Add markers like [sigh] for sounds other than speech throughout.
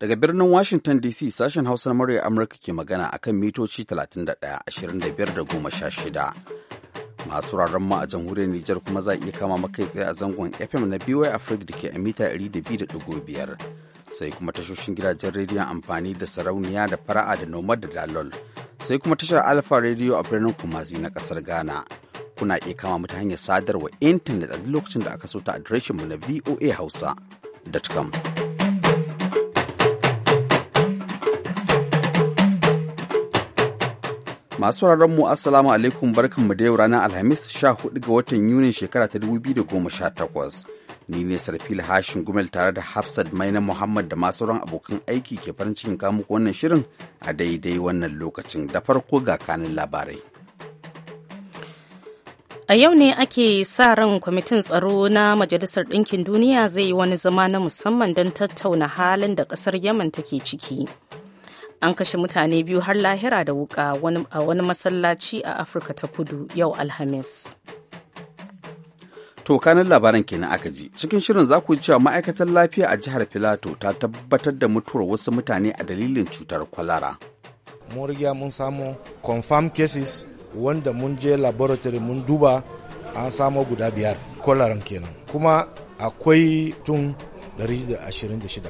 Daga birnin Washington DC sashen Hausa na murya Amurka ke magana a kan mitoci 31, 25 da 16. Masu raron ma a jamhuriyar Nijar kuma za a iya kama makai tsaye a zangon FM na BY Africa da ke a mita 200.5. Sai kuma tashoshin gidajen rediyon amfani da sarauniya da fara'a da nomad da dalol. Sai kuma tashar Alfa Radio a birnin Kumasi na kasar Ghana. Kuna iya kama mata hanyar sadarwa intanet a duk lokacin da aka so ta adireshinmu na voa hausa.com. Masu mu Assalamu alaikum barkan mu da yau ranar Alhamis 14 ga watan yuni shekara ta 2018. Ni ne Sarfil Hashin Gumel tare da Hafsat Maina Muhammad da masu sauran abokan aiki ke farin cikin kamuku wannan shirin a daidai wannan lokacin da farko ga kanin labarai. A yau ne ake sa ran kwamitin tsaro na Majalisar Ɗinkin Duniya zai yi wani zama na musamman don tattauna halin da ƙasar Yaman take ciki. an kashe mutane biyu har lahira da wuka a wani masallaci a afirka ta kudu yau alhamis to kanin labaran kenan aka ji cikin shirin za ku cewa ma'aikatar lafiya a jihar filato ta tabbatar da mutuwar wasu mutane a dalilin cutar kwalara mun riga mun samu confirm cases wanda mun je laboratory mun duba an samu guda biyar kwalaran kenan kuma akwai tun 126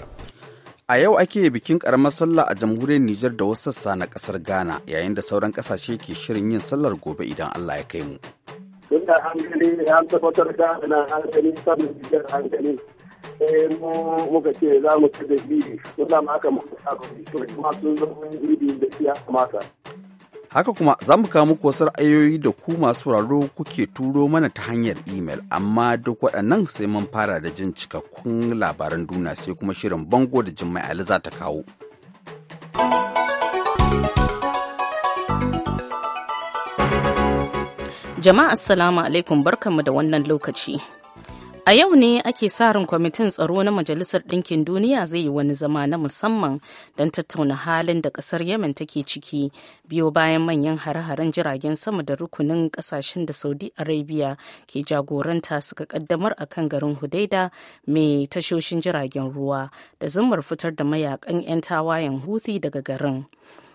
A yau ake bikin karamar sallah a jamhuriyar Nijar da wasu sassa na kasar Ghana yayin da sauran kasashe ke shirin yin sallar gobe idan Allah ya kai mu. Tunda hankali an tabbatar da na hankali sabon Nijar hankali eh, mu muka ce za mu ci da biyu, tunda ma aka muka kuma sun zama biyu da ya mata. Haka kuma za mu kawo muku wasu ra'ayoyi da ku masu sauraro kuke turo mana ta hanyar imel, amma duk waɗannan sai mun fara da jin cikakkun labaran duniya sai kuma shirin bango da jin mai za ta kawo. Jama'a assalamu alaikum barkanmu da wannan lokaci. A yau ne ake sa ran kwamitin tsaro na Majalisar Ɗinkin Duniya zai yi wani zama na musamman don tattauna halin da ƙasar Yemen take ciki biyo bayan manyan hare-haren jiragen sama da rukunin ƙasashen da Saudi Arabia ke jagoranta suka ƙaddamar a kan garin Hudaida mai tashoshin jiragen ruwa da zumar fitar da mayakan 'yan tawayen Houthi daga garin.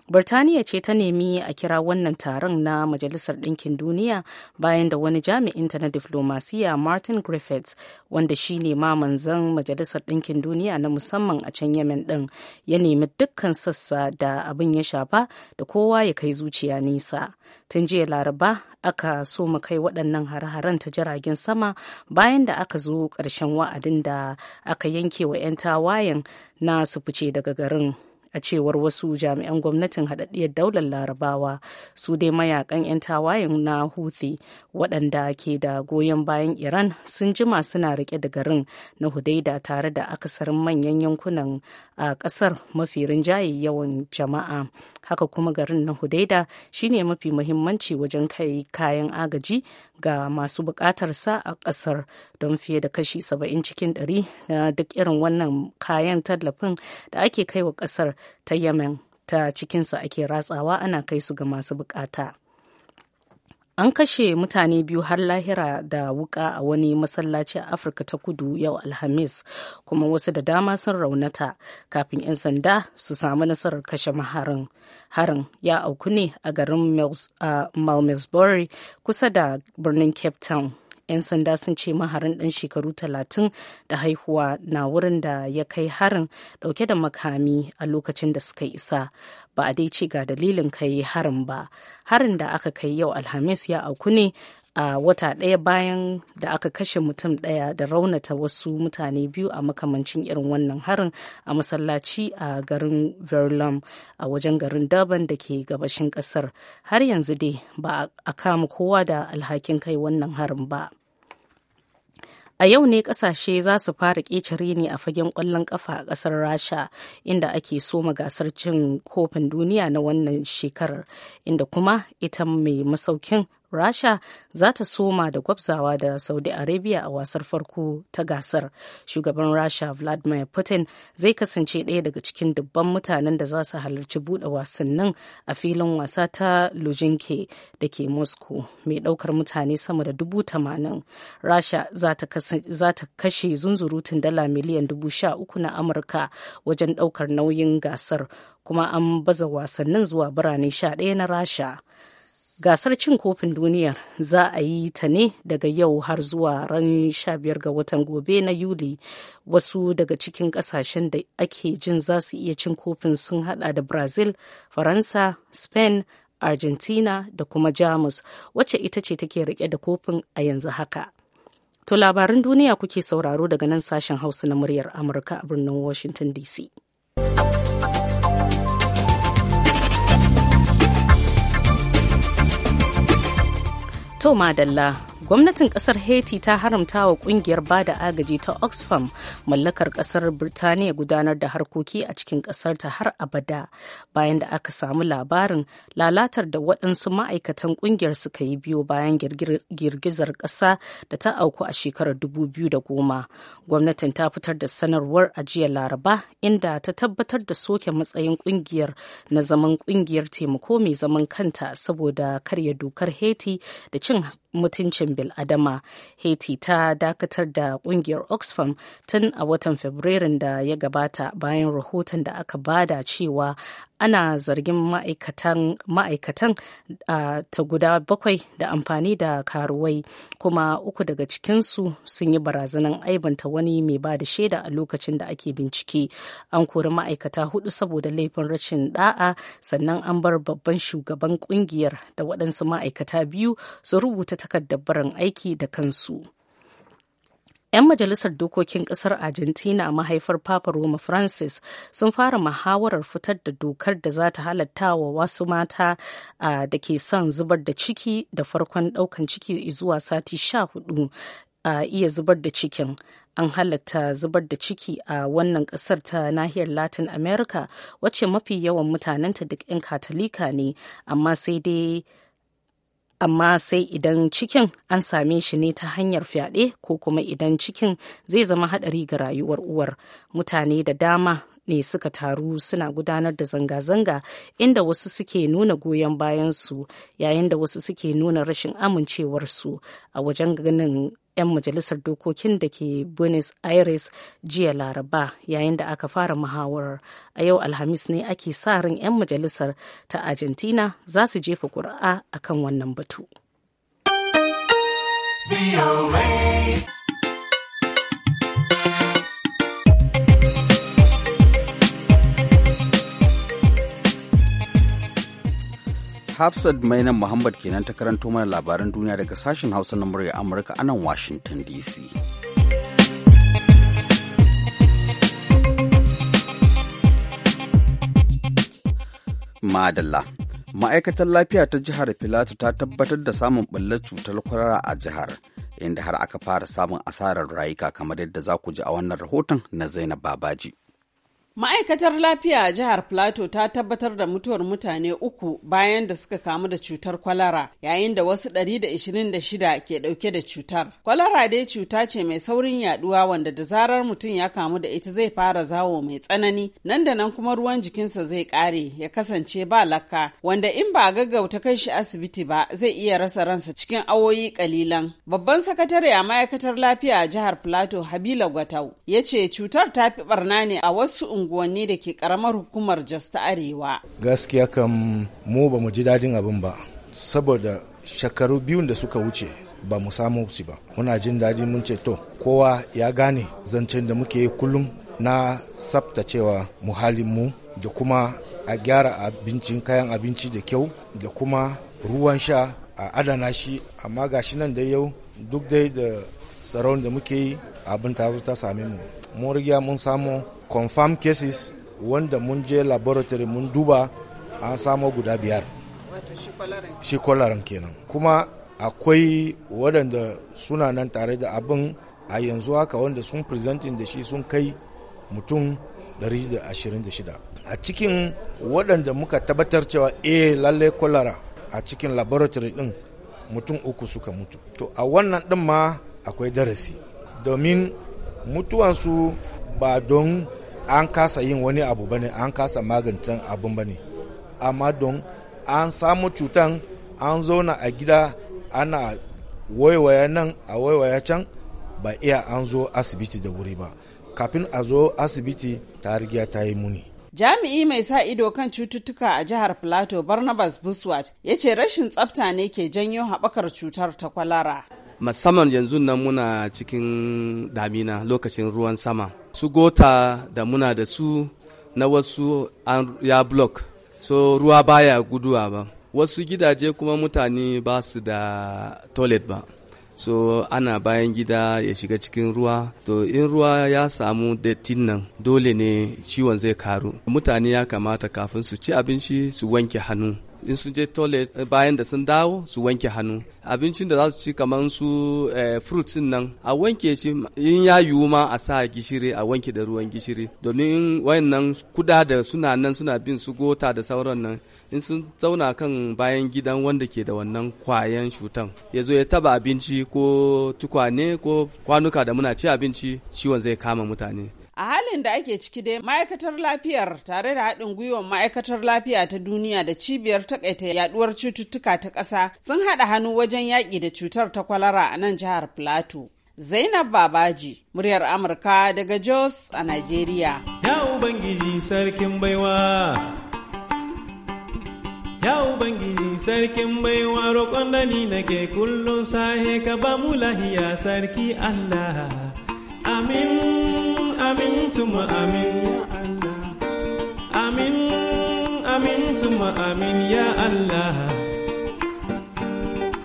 Birtaniya ce ta nemi a kira wannan taron na Majalisar Ɗinkin Duniya bayan da wani jami'inta na diflomasiya Martin Griffiths wanda shi ne ma manzan Majalisar Ɗinkin Duniya na musamman a can Yemen ɗin ya nemi dukkan sassa da abin ya shafa da kowa ya kai zuciya nisa. Tun jiya Laraba aka so mu kai waɗannan har haren ta jiragen sama bayan da aka zo ƙarshen wa'adin da aka yanke wa 'yan tawayen na su fice daga garin. a cewar wasu jami'an gwamnatin haɗaɗɗiyar daular larabawa su dai mayakan 'yan tawayen na huthi waɗanda ke da goyon bayan iran sun jima suna rike da garin na hudaida tare da akasarin manyan yankunan a ƙasar mafi rinjaye yawan jama'a haka kuma garin na hudaida shine mafi muhimmanci wajen kai kayan agaji ga masu buƙatarsa a ƙasar don fiye da kashi 70 cikin 100 na duk irin wannan kayan tallafin da ake kai wa kasar ta yemen ta cikinsa ake ratsawa ana kai su ga masu bukata. An kashe mutane biyu har lahira da wuka a wani masallaci a Afirka ta kudu yau Alhamis, kuma wasu da dama sun raunata kafin 'yan sanda su samu nasarar kashe maharin. Harin ya auku ne a garin Malmesbury kusa da birnin Cape Town. 'yan sanda sun ce maharin ɗan shekaru talatin da haihuwa na wurin da ya kai harin ɗauke da makami a lokacin da suka isa ba a dai ce ga dalilin kai harin ba harin da aka kai yau alhamis ya auku ne a wata ɗaya bayan da aka kashe mutum ɗaya da raunata wasu mutane biyu a makamancin irin wannan harin a masallaci a garin verlam a wajen garin durban da ke gabashin ƙasar har yanzu dai ba a kama kowa da alhakin kai wannan harin ba. A yau ne kasashe za su fara ƙetare ne a fagen ƙwallon ƙafa a ƙasar Rasha inda ake soma gasar cin kofin duniya na wannan shekarar inda kuma ita mai masaukin rasha za ta soma da gwabzawa da saudi arabia a wasar farko ta gasar shugaban rasha vladimir putin zai kasance ɗaya daga cikin dubban mutanen da za su halarci buɗe wasannin a filin wasa ta lujinke da ke moscow mai ɗaukar mutane sama da dubu tamanin rasha za ta kashe zunzurutun dala miliyan dubu sha uku na amurka wajen ɗaukar nauyin gasar kuma an baza wasannin zuwa birane sha ɗaya na rasha gasar cin kofin duniya za a yi ta ne daga yau har zuwa ran 15 ga watan gobe na yuli wasu daga cikin kasashen da ake jin za su iya cin kofin sun hada da brazil faransa spain argentina da kuma jamus wacce ita ce take rike da kofin a yanzu haka to labarin duniya kuke sauraro daga nan sashen hausa na muryar amurka a birnin washington dc Toma dalla gwamnatin kasar haiti ta haramta wa kungiyar bada agaji ta oxfam mallakar kasar birtaniya gudanar da harkoki a cikin kasar ta har abada bayan da aka samu labarin lalatar da waɗansu ma'aikatan kungiyar suka yi biyo bayan girgizar ƙasa da ta auku a shekarar 2010 gwamnatin ta fitar da sanarwar a laraba inda ta tabbatar da soke matsayin kungiyar na zaman kungiyar taimako mai zaman kanta saboda karya dokar haiti da cin mutuncin biladama haiti ta dakatar da kungiyar oxfam tun a watan fabrairun da ya gabata bayan rahoton da aka bada cewa ana zargin ma'aikatan ta guda bakwai da amfani da karuwai kuma uku daga cikinsu sun yi barazanan aibanta wani mai ba da shaida a lokacin da ake bincike an kori ma'aikata hudu saboda laifin rashin da'a sannan an bar babban shugaban kungiyar da waɗansu ma'aikata biyu su rubuta takardar barin aiki da kansu. 'Yan majalisar dokokin kasar Argentina mahaifar Papa Roma Francis sun fara muhawarar fitar da dokar da za ta halatta wa wasu mata da ke son zubar da ciki da farkon daukan ciki zuwa sati sha hudu a iya zubar da cikin. an halatta zubar da ciki a wannan kasar ta nahiyar latin america wacce mafi yawan mutanenta duk 'yan katolika ne amma sai dai amma sai idan cikin an same shi ne ta hanyar fyaɗe ko kuma idan cikin zai zama haɗari ga rayuwar uwar mutane da dama ne suka taru suna gudanar da zanga-zanga inda wasu suke nuna goyon bayansu yayin da wasu suke nuna rashin amincewarsu a wajen ganin 'yan majalisar dokokin da ke buenos aires jiya laraba yayin da aka fara muhawarar a yau alhamis ne ake sa ran 'yan majalisar ta argentina za su jefa ƙuri'a akan wannan batu. Hafsat Mainan Muhammad kenan ta karanto mana labaran duniya daga sashen Hausa na murya Amurka a nan Washington DC. Madalla. Ma'aikatar lafiya ta jihar Filato ta tabbatar da samun ɓullar cutar kwarara a jihar, inda har aka fara samun asarar rayuka kamar yadda za ku ji a wannan rahoton na Zainab Babaji. Ma'aikatar lafiya a jihar Plateau ta tabbatar da mutuwar mutane uku bayan da suka kamu da cutar kwalara yayin da wasu 126 ke dauke da cutar. Kwalara dai cuta ce mai saurin yaduwa wanda da zarar mutum ya kamu da ita zai fara zawo mai tsanani nan da nan kuma ruwan jikinsa zai kare ya kasance ba lakka wanda in ba a gaggauta kai shi asibiti ba zai iya rasa ransa cikin awoyi kalilan. Babban sakatare a ma'aikatar lafiya a jihar Plateau Habila Gwatau ya ce cutar ta fi barna ne a wasu unguwanni da ke karamar hukumar Jos ta Arewa. Gaskiya kam mu ba mu ji dadin abin ba, saboda shekaru biyun da suka wuce ba mu samu su ba. Muna jin daɗi mun ce to kowa ya gane zancen da muke yi kullum na tsaftacewa muhallinmu da kuma a gyara abincin kayan abinci da kyau da kuma ruwan sha a adana shi amma ga shi nan da yau duk dai da tsaron da muke yi abin ta zo ta same mu mun riga mun samu confirm cases wanda mun je laboratory mun duba an samo guda biyar shi kwalaran kenan kuma akwai waɗanda suna nan tare da abin a yanzu haka wanda sun presenting da shi sun kai mutum 126 a cikin waɗanda muka tabbatar cewa eh lalle kwalara a cikin laboratory ɗin mutum uku suka mutu to a wannan ɗin ma akwai darasi domin mutuwansu ba don an kasa yin wani abu bane an kasa magance abun bane amma don an samu cutan an zauna a gida ana waiwaya nan a waiwaya can ba iya an zo asibiti da wuri ba kafin a zo asibiti ta rigya ta yi muni jami'i mai sa ido kan cututtuka a jihar plateau barnabas buswat ya ce rashin tsafta ne ke janyo haɓakar cutar ta kwalara musamman yanzu nan muna cikin damina lokacin ruwan sama su gota da muna da su na wasu an ya block so ruwa baya guduwa ba wasu gidaje kuma mutane ba su da toilet ba so ana bayan gida ya shiga cikin ruwa to in ruwa ya samu dattin nan dole ne ciwon zai karu mutane ya kamata kafin su ci abinci su wanke hannu in sun je toilet eh, bayan da sun dawo su wanke hannu abincin da za su ci kamar su eh, fruit nan a wanke shi in ya yiwu ma a sa gishiri a wanke da ruwan gishiri domin wayannan kuda da suna nan suna bin su gota da sauran nan in sun zauna kan bayan gidan wanda ke da wannan kwayan cutan ya zo ya taba abinci ko tukwane ko kwanuka da muna ci abinci ciwon zai kama mutane a halin da ake ciki dai ma'aikatar lafiyar tare da haɗin gwiwar ma'aikatar lafiya ta duniya da cibiyar takaita yaduwar cututtuka ta ƙasa sun haɗa hannu wajen yaƙi da cutar ta kwalara a nan jihar plateau zainab babaji muryar amurka daga jos a Najeriya. ya ubangiji sarkin baiwa ya ubangiji sarkin baiwa roƙon da nake kullum sahe ka ba mu lahiya sarki allah amin amin suma amin ya Allah amin amin suma amin ya Allah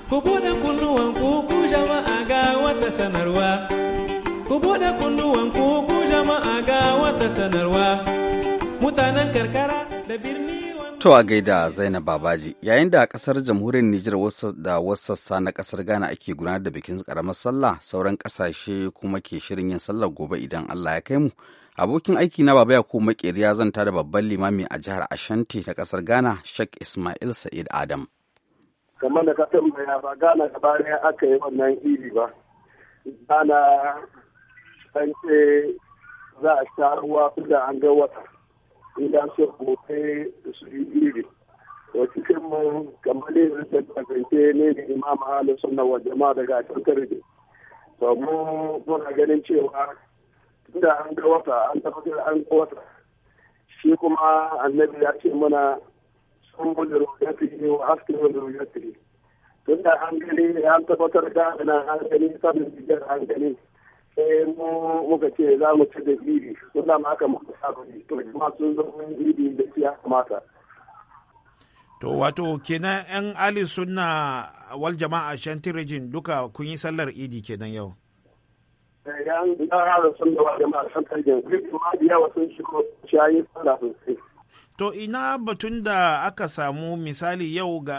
ku bude kunnuwan ku ku jama'a ga wata sanarwa ku bude kunnuwan ku ku jama'a ga wata sanarwa mutanen karkara da birni To a gaida Zainab Babaji, yayin da a kasar jamhuriyar Nijar da wasu sassa na kasar Ghana ake gudanar da bikin karamar sallah sauran kasashe kuma ke shirin yin sallar gobe idan Allah ya kai mu. Abokin aiki na Baba Yakubu Makeri ya zanta da babban limami a jihar Ashanti ta kasar Ghana, Sheikh Ismail Sa'id Adam. Kamar da ka tambaya ba Ghana gaba ne aka yi wannan iri ba. Ghana an za a sha ruwa da an ga wata. ina so gobe su yi iri wasu kinmu kamar ne zai kasance ne da imama halin sunna wa jama'a daga tattare da to mu muna ganin cewa tunda an ga wata an tabbatar an ga wata shi kuma annabi ya ce mana sun bude rujati ne wa haske wa rujati tunda an gani an tabbatar da na an gani sabbin jigar an gani sai eh, mu muka ce za mu ci da iri sun da haka muka saba ne to jama'a sun zama iri da ya kamata To wato kenan 'yan Ali sunna wal jama'a shantirajin duka kun yi sallar idi kenan yau. Eh, Yan Ali sunna wal jama'a shantirajin duk ma biya wasu shigo shayi sallah sosai. To ina batun da aka samu misali yau ga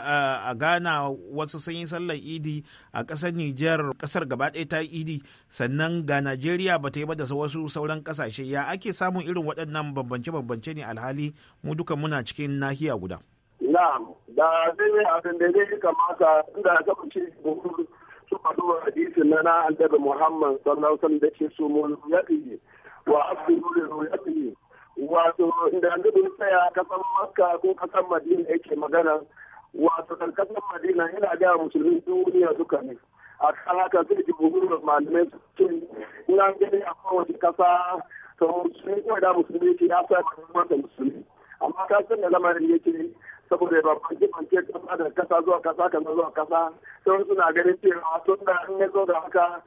a Ghana wasu sun yi sallar idi a ƙasar Nijar ƙasar gaba ɗaya ta idi sannan ga Najeriya ba ta yi ba da wasu sauran ƙasashe ya ake samun irin waɗannan bambance-bambance ne alhali mu duka muna cikin nahiya guda. Na da zai abin da zai kamata inda ga ce su faɗuwa hadisin na na Muhammad sallallahu alaihi wasallam da ke su mun yaɗi wa abdu ya yaɗi wato inda annabi tsaya kasan makka ko kasan madina yake magana wato kasan madina yana ga musulmin duniya duka ne a kan haka zai ji bugun malamai su ce ina gani a kowace kasa to musulmi ko da musulmi yake ya sa kuma da musulmi amma ka san da lamarin yake saboda ba banki banki kasa da kasa zuwa kasa kan zuwa kasa sai suna ganin cewa tun da an ya zo da haka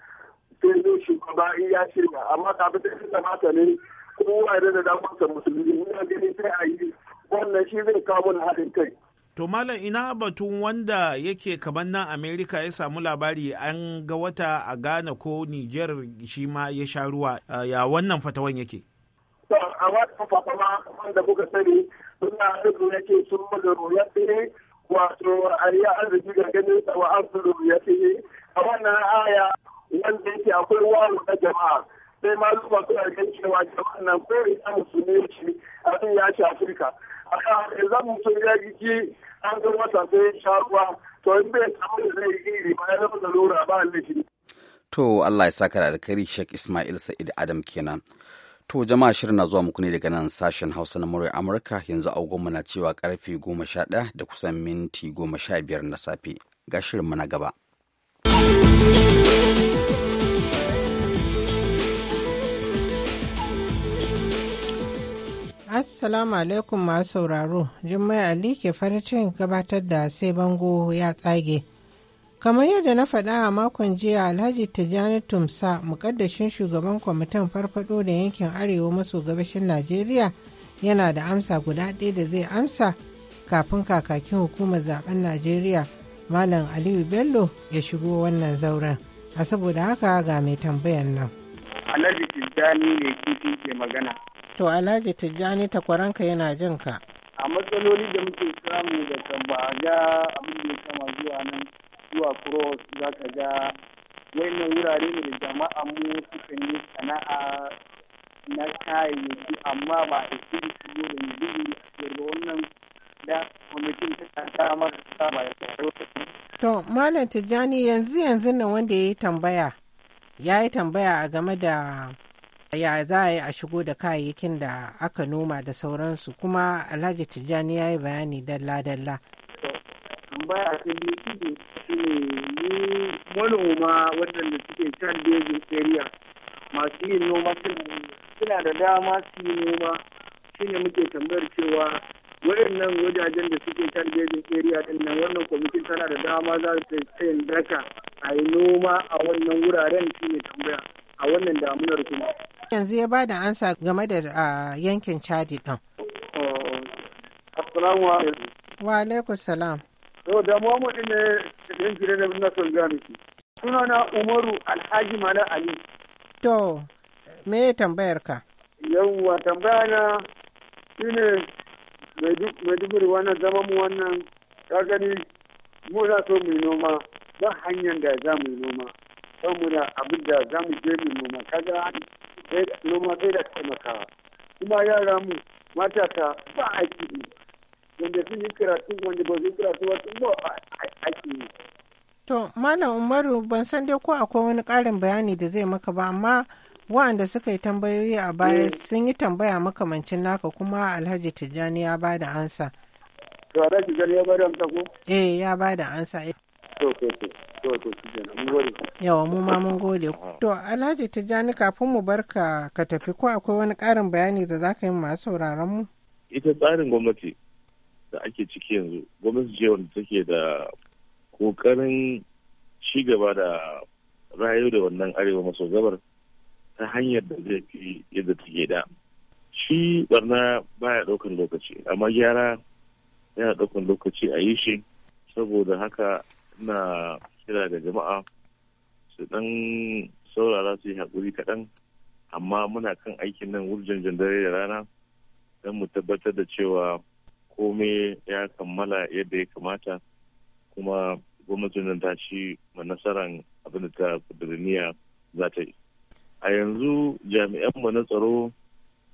sai zai shugaba in ya shirya amma kafin da ya kamata ne kowa da damarsa musulmi ina ganin sai a yi wannan shi zai kawo mana haɗin kai To Malam ina batun wanda yake kamar nan Amerika ya samu labari an ga wata a Ghana ko Niger shi ma ya sha ruwa ah, ya wannan fatawan yake? To a wannan fatawa wanda kuka sani suna rizu yake sun mada ruwa ne wato a yi arziki ga ganin tsawa an su ruwa ne a wannan aya wanda yake akwai wawo na jama'a sai ma zuwa a gan cewa jama'an nan ko ina musulmi shi abin ya ci afirka a kan yanzu mutum ya gigi an zo masa sai ya sha ruwa to in bai samu da zai giri ba ya zama da lura ba laifi. to allah ya saka da alkhairi sheikh ismail sa'id adam kenan. To jama'a shirin na zuwa muku ne daga nan sashen Hausa na murai Amurka yanzu agonmu na cewa karfe goma sha ɗaya da kusan minti goma sha biyar na safe. Ga shirin na gaba. Assalamu alaikum masu sauraro, Jummai Ali ke farin cikin gabatar da sai bango ya tsage. Kamar yadda na faɗa a makon jiya Alhaji Tijjani Tumsa, mukaddashin shugaban kwamitin farfado da yankin Arewa maso gabashin Najeriya yana da amsa guda ɗaya da zai amsa kafin kakakin hukumar zaben Najeriya Malam Aliyu Bello ya shigo wannan zauren. A saboda haka ga mai tambayan nan. Alhaji Tijjani ne kifi ke magana. To Alhaji Tijjani takwaranka yana jin ka. A matsaloli da muke samu daga ga abin da ya sama zuwa nan zuwa cross za ka ga wannan wurare ne da jama'a mu suka yi sana'a na kayayyaki amma ba a isi su zo da mai a wannan da kwamitin ta kanta mara ta ba ya To Malam Tijjani yanzu yanzu nan wanda ya yi tambaya ya yi tambaya a game da ya za a yi a shigo da kayayyakin da aka noma da sauransu kuma alhaji tijjani ya yi bayani dalla-dalla tambaya ta biyu shi ne manoma waɗanda suke can dejin area masu yin noma suna da dama su yi noma shi ne muke tambayar cewa waɗannan wajajen da suke can dejin area ɗin nan wannan kwamitin tana da dama za su tsayin daka a yi noma a wannan wuraren shi ne tambaya a wannan damunar kuma. Yanzu ya bada ansa game da yankin Chadi ɗin. Oh, assalamu alaikum. Wa alaikum salam. Yau da Muhammadu ne yan gida na son gane ki. na Umaru Alhaji Mala Ali. To, me ya tambayar ka? Yawwa tambaya na shi shine Maiduguri wannan zama mu wannan ka gani mu za so mu noma ba hanyar da za mu yi noma. muna abin da za mu je mu noma kaga noma bai da taimakawa kuma yara mu matata ba aiki ne wanda sun yi karatu wanda ba su yi karatu wasu ba aiki ne. To Malam Umaru ban san dai ko akwai wani ƙarin bayani da zai maka ba amma waɗanda suka yi tambayoyi a baya eh. sun yi tambaya makamancin naka kuma Alhaji Tijjani ya ba da ansa. To Alhaji Tijjani ya ba da ansa ko? Eh ya ba da ansa. yawa mu ma mun gode to alhaji ta tijjani kafin mu barka ka tafi ko akwai wani ƙarin bayani da za ka yi masu sauraron mu ita tsarin gwamnati da ake ciki yanzu gwamnati ce wanda take da kokarin ci gaba da rayu da wannan arewa maso gabar ta hanyar da zai fi yadda take da shi barna baya ɗaukan lokaci amma gyara yana ɗaukan lokaci a yi shi saboda haka na kira da jama'a su dan saurara su yi haƙuri kaɗan amma muna kan aikin nan wurjan dare da rana don mu tabbatar da cewa komai ya kammala yadda ya kamata kuma gwamnatin nan ta ci nasarar abin da ta kudurniya za ta yi a yanzu jami'anmu na tsaro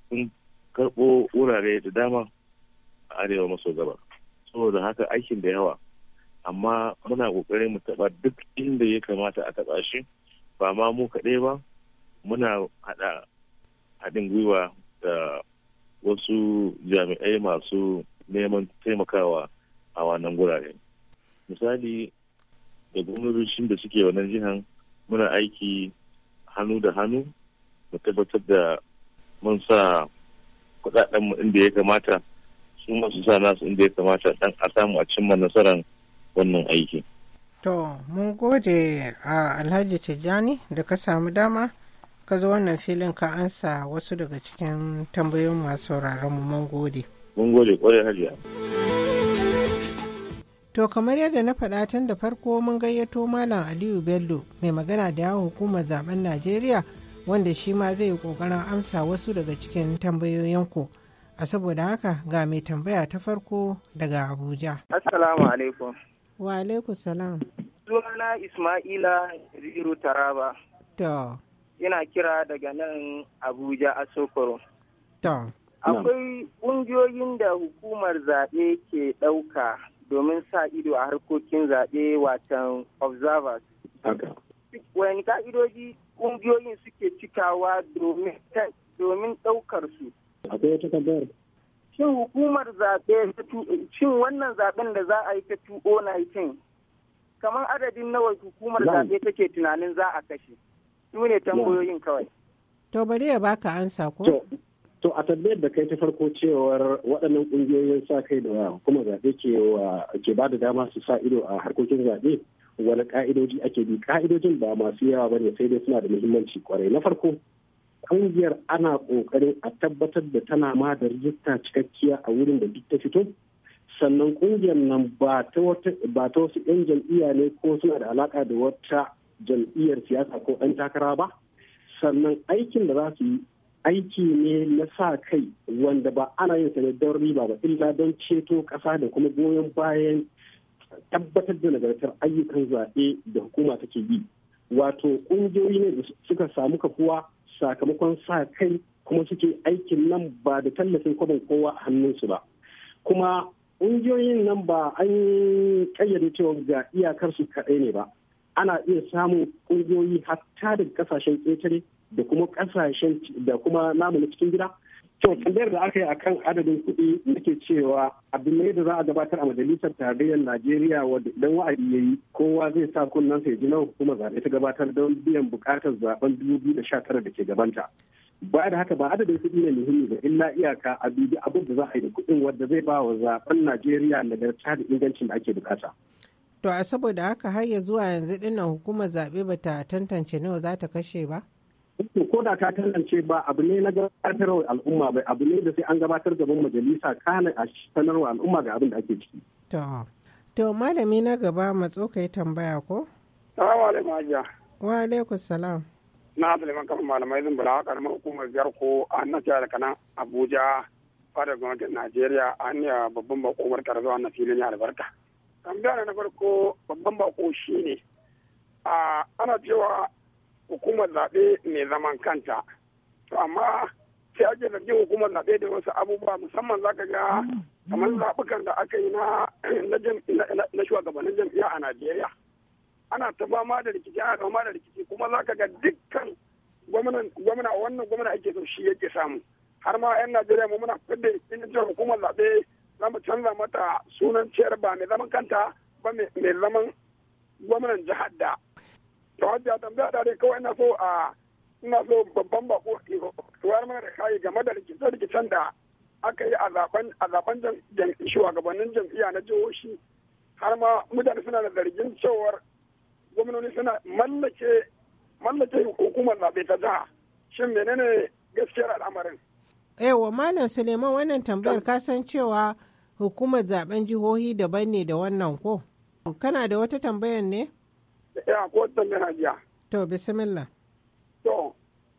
sun karɓo wurare da dama a arewa maso gaba saboda haka aikin da yawa amma muna ƙoƙarin mu taba duk inda ya kamata a taɓa shi ba ma mu kaɗai ba muna haɗa haɗin gwiwa da wasu jami'ai masu neman taimakawa a wannan gurare misali da gwamnatocin da suke wannan jihan muna aiki hannu da hannu mu tabbatar da mun sa kudaden mu inda ya kamata su masu sa nasu inda ya kamata dan a samu a cimma nasarar wannan aiki. To, mun gode a Alhaji Tijjani da ka samu dama ka zo wannan filin ka ansa wasu daga cikin tambayoyin masu mu mun gode. Mun gode kwarai hajiya. To kamar yadda na faɗa tun da farko mun gayyato Malam Aliyu Bello mai magana da yawon hukumar zaben Najeriya wanda shi ma zai yi ƙoƙarin amsa wasu daga cikin tambayoyinku. A saboda haka ga mai tambaya ta farko daga Abuja. Assalamu alaikum. Wa alaikum salam. Sunana Ismaila Ziru Taraba. To. Yana kira daga nan Abuja a Sokoro. To. Akwai ƙungiyoyin da hukumar zaɓe ke ɗauka domin sa ido a harkokin zaɓe watan observers. Wani ka'idoji ƙungiyoyin suke cikawa domin ɗaukar su. Akwai wata shin hukumar zaɓe shin wannan zaɓen da za a yi ta 2019 kamar adadin nawa hukumar zaɓe take tunanin za a kashe su ne tambayoyin kawai to bari ya baka ansa ko to a tabbayar da kai ta farko cewar waɗannan ƙungiyoyin sa kai da hukumar zaɓe ke ke ba da dama su sa ido a harkokin zaɓe wani ka'idoji ake bi ka'idojin ba masu yawa ne sai dai suna da muhimmanci kwarai na farko ƙungiyar ana kokarin a tabbatar da tana ma da rijista cikakkiya a wurin da duk ta fito sannan ƙungiyar nan ba ta wasu 'yan jam'iyya ne ko suna da alaka da wata jam'iyyar siyasa ko 'yan takara ba sannan aikin da za su yi aiki ne na sa kai wanda ba ana yin sa don riba ba illa don ceto ƙasa da kuma goyon bayan tabbatar da nagartar ayyukan zaɓe da hukuma take yi wato ƙungiyoyi ne da suka samu kafuwa sakamakon sa kai kuma suke aikin nan ba da tallafin kwabin kowa a hannunsu ba kuma ƙungiyoyin nan ba an ƙayyade cewa ga iyakarsu kaɗai ne ba ana iya samun ƙungiyoyi hatta daga ƙasashen ƙetare da kuma ƙasashen da kuma namu cikin gida To tambayar da aka yi a kan adadin kuɗi nake cewa abin ne da za a gabatar a majalisar tarayyar Najeriya wadda idan wa'adi ya yi kowa zai sa kunnen sai ji nawa kuma zaɓe ta gabatar don biyan buƙatar zaɓen 2019 da da ke gabanta. Ba da haka ba adadin kuɗi ne muhimmi ga illa iyaka a bibi abin da za a yi da kuɗin wadda zai ba wa zaben Najeriya nagarta da ingancin da ake bukata. To a saboda haka har ya zuwa yanzu dinnan hukumar zaɓe ba ta tantance nawa za ta kashe ba? ko da ta tallance ba abu ne na wa al'umma ba abu ne da sai an gabatar gaban majalisa kana a wa al'umma ga abin da ake ciki to malami na gaba matso kai tambaya ko salamu alaikum hajiya wa alaikum salam na abdulman kafin malamai zan bala karamar hukumar biyar ko a nan jihar kana abuja fadar gwamnatin najeriya a hanyar babban bako barkar zuwa na filin albarka tambaya na farko babban bako shine ana cewa hukumar zaɓe mai zaman kanta amma sai ake zargin hukumar zaɓe da wasu abubuwa musamman za ka ga mm, kamar mm. zaɓukan da aka yi na shugabannin jam'iyya a najeriya ana ta ma da rikici ana ma da rikici kuma za ka ga dukkan gwamna wannan gwamna ake so shi yake samu har ma 'yan najeriya mu muna fitar da injin hukumar zaɓe za mu canza mata sunan ciyar ba mai zaman kanta ba mai zaman gwamnan jihar da to hajja tambaya da dai kawai ina so a ina so babban bako tuwar mana da kayi game da rikice-rikicen da aka yi a zaben shugabannin jam'iyya na jihohi har ma mutane suna da zargin cewar gwamnoni suna mallake mallake hukumar zaɓe ta jiha shin menene gaskiyar al'amarin yawa malam suleiman wannan tambayar ka san cewa hukumar zaben jihohi daban ne da wannan ko kana da wata tambayar ne ya ko tambayin to bismillah to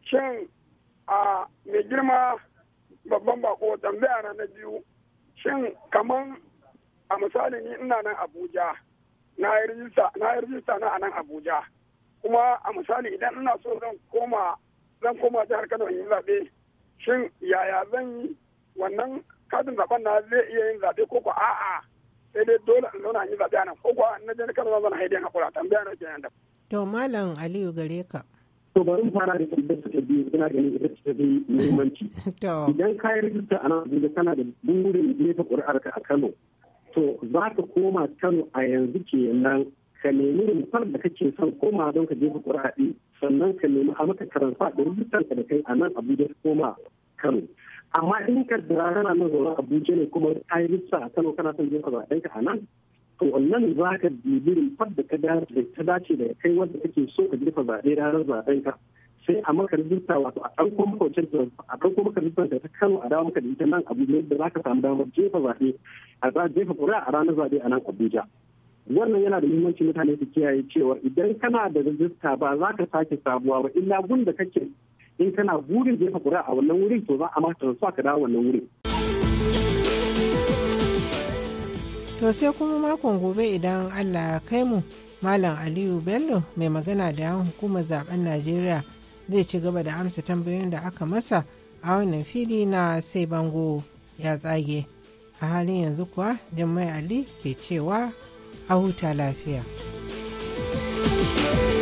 shin a mai girma babban bako tambaya na na biyu shin kaman a misali ni ina nan abuja na yi rijista na a nan abuja kuma a misali idan ina so zan koma zan koma jihar kano yin zaɓe shin yaya zan yi wannan katin zaɓen na zai iya yin zaɓe ko ko a'a sai dai dole in zauna yi zaɓe nan ko kuwa na je na kasa a haidai haƙura tambaya na kenan da. to malam aliyu gare ka. to bari fara da tambayar ta biyu ina ganin ita ce ta bi muhimmanci. [laughs] idan ka yi rijista a nan abuja kana da burin jefa ƙuri'arka a kano to za ka koma kano a yanzu kenan ka nemi rumfar da kake son koma don ka jefa ƙuri'a sannan ka nemi a maka karanfa da rijistar ka da kai a nan abuja koma kano. amma in ka dara kana nan zaune abuja ne kuma ka yi lissa a kano kana son jefa zaɓen ka a nan to wannan za ka bibirin fadda ka ta dace da kai wanda kake so ka jefa zaɓe ranar zaɓen ka sai a maka rijista wato a ɗauko maka wancan a ɗauko maka rijistar da ta kano a dawo maka da ita nan abuja yadda za ka samu damar jefa zaɓe a za jefa ƙuri'a a ranar zaɓe a nan abuja wannan yana da muhimmanci mutane su kiyaye cewa idan kana da rijista ba za ka sake sabuwa ba illa gun da kake in kana burin jefa kura a wannan wurin to za a ma transfer ka dawo wannan wurin. To sai kuma makon gobe idan Allah ya kai mu Malam Aliyu Bello mai magana da yawan hukumar zaben Najeriya zai ci gaba da amsa tambayoyin da aka masa a wannan fili na sai bango ya tsage. A halin yanzu kuwa Jummai Ali ke cewa a huta lafiya. thank you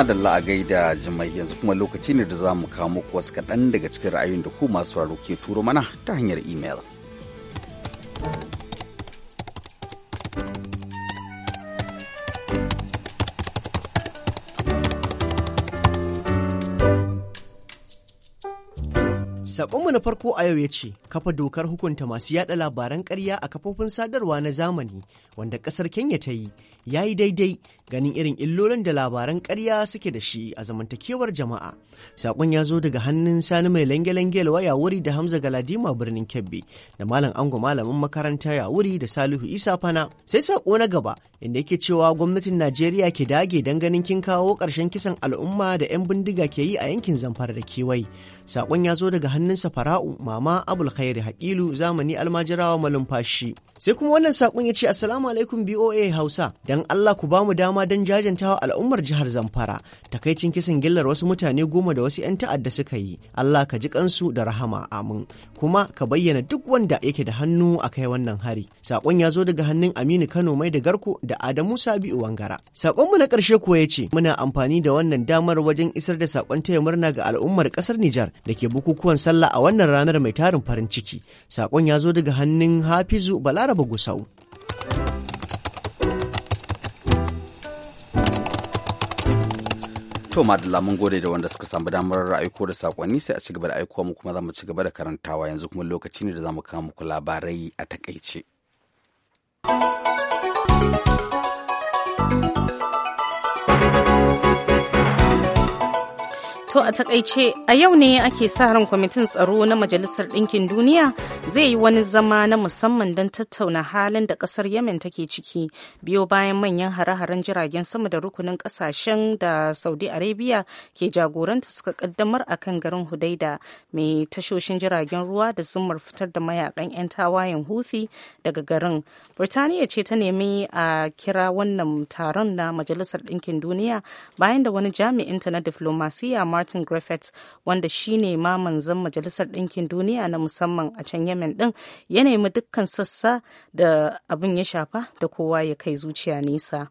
madalla a gaida jimai yanzu kuma lokaci ne da za mu kawo muku wasu kaɗan daga cikin ra'ayoyin da ku masu ke turo mana ta hanyar imel. Saƙonmu na farko a yau ya ce, kafa dokar hukunta masu yada labaran ƙarya a kafofin sadarwa na zamani wanda ƙasar Kenya ta yi, ya yi daidai ganin irin illolin da labaran ƙarya suke da shi a zamantakewar jama'a. Saƙon ya zo daga hannun sani mai lange-lange waya wuri da Hamza Galadima birnin Kebbi da Malam Ango malamin makaranta ya wuri da Salihu Isa Fana. Sai saƙo na gaba inda yake cewa gwamnatin Najeriya ke dage don ganin kin kawo ƙarshen kisan al'umma da 'yan bindiga ke yi a yankin Zamfara da kewaye. Saƙon ya zo daga hannunsa fara'u mama abul khairi haƙilu zamani almajirawa malumfashi. Sai kuma wannan saƙon ya ce Assalamu alaikum BOA Hausa dan Allah ku bamu dama don jajantawa al'ummar jihar Zamfara takaicin kisan gillar wasu mutane goma da wasu 'yan ta'adda suka yi Allah ka ji kansu da rahama amin kuma ka bayyana duk wanda yake da hannu a kai wannan hari. Saƙon ya zo daga hannun Aminu Kano mai da garko da Adamu Sabi'u Wangara. Saƙonmu na ƙarshe kuwa ya ce muna amfani da wannan damar wajen isar da saƙon taya murna ga al'ummar ƙasar Nijar da ke bukukuwan sallah a wannan ranar mai tarin farin ciki. Sakon ya zo daga hannun Hafizu Balaraba Gusau. To madalla mun gode da wanda suka samu damar aiko da sakonni sai a cigaba da aiko mu kuma za mu cigaba da karantawa yanzu kuma lokaci ne da za mu kawo muku labarai a takaice. To a takaice a yau ne ake sa ran kwamitin tsaro na Majalisar Ɗinkin Duniya zai yi wani zama na musamman don tattauna halin da ƙasar Yemen take ciki biyo bayan manyan hare-haren jiragen sama da rukunin ƙasashen da Saudi Arabia ke jagoranta suka ƙaddamar a kan garin Hudaida mai tashoshin jiragen ruwa da zumar fitar da mayakan 'yan tawayen Houthi daga garin. Birtaniya ce ta nemi a kira wannan taron na Majalisar Ɗinkin Duniya bayan da wani jami'inta na diflomasiya martin griffiths wanda shine ma manzan majalisar ɗinkin duniya na musamman a can yemen ɗin ya nemi dukkan sassa da abin ya shafa da kowa ya kai zuciya nisa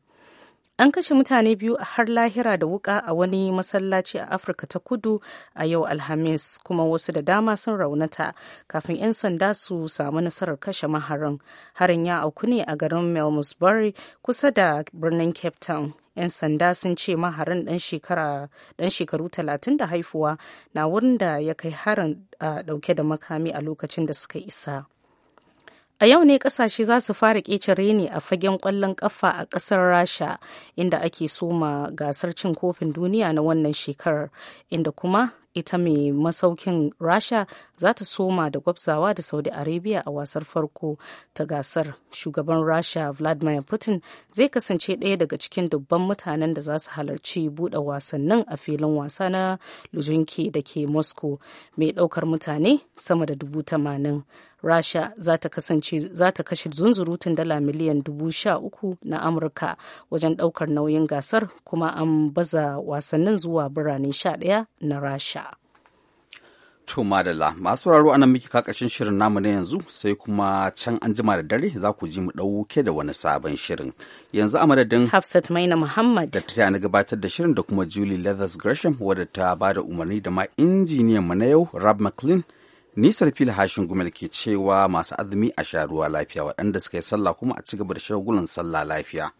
an kashe mutane biyu a har lahira da wuka a wani masallaci a afirka ta kudu a yau alhamis kuma wasu da dama sun raunata kafin 'yan sanda su samu nasarar kashe maharin harin ya auku ne a garin melmusbury kusa da birnin cape town 'yan sanda sun ce maharin dan shekaru talatin da haifuwa na wurin da ya kai harin a dauke da makami a lokacin da suka isa. A yau ne kasashe za su fara kece reni a fagen kwallon kafa a kasar Rasha inda ake soma gasar cin kofin duniya na wannan shekarar inda kuma ita mai masaukin Rasha za ta soma da gwabzawa da Saudi Arabia a wasar farko ta gasar. Shugaban Rasha Vladimir Putin zai kasance ɗaya daga cikin dubban mutanen da za su halarci buɗe wasannin a filin wasa na Lujinki da ke Moscow mai ɗaukar mutane sama da dubu tamanin. rasha za ta kashe zunzurutun dala miliyan dubu sha uku na amurka wajen daukar nauyin gasar kuma an baza wasannin zuwa birane sha ɗaya na rasha to madalla masu sauraro anan miki kakashin shirin namu na yanzu sai kuma can an jima da dare za ku ji mu ɗauke da wani sabon shirin yanzu a madadin hafsat maina muhammad da ta na gabatar da shirin da kuma julie leathers gresham wadda ta ba da umarni da ma injiniyan mu na yau rab mclean Nisar fil hashin gumel ke cewa masu azumi a sha ruwa lafiya waɗanda suka yi sallah kuma a ci da shagulan sallah lafiya.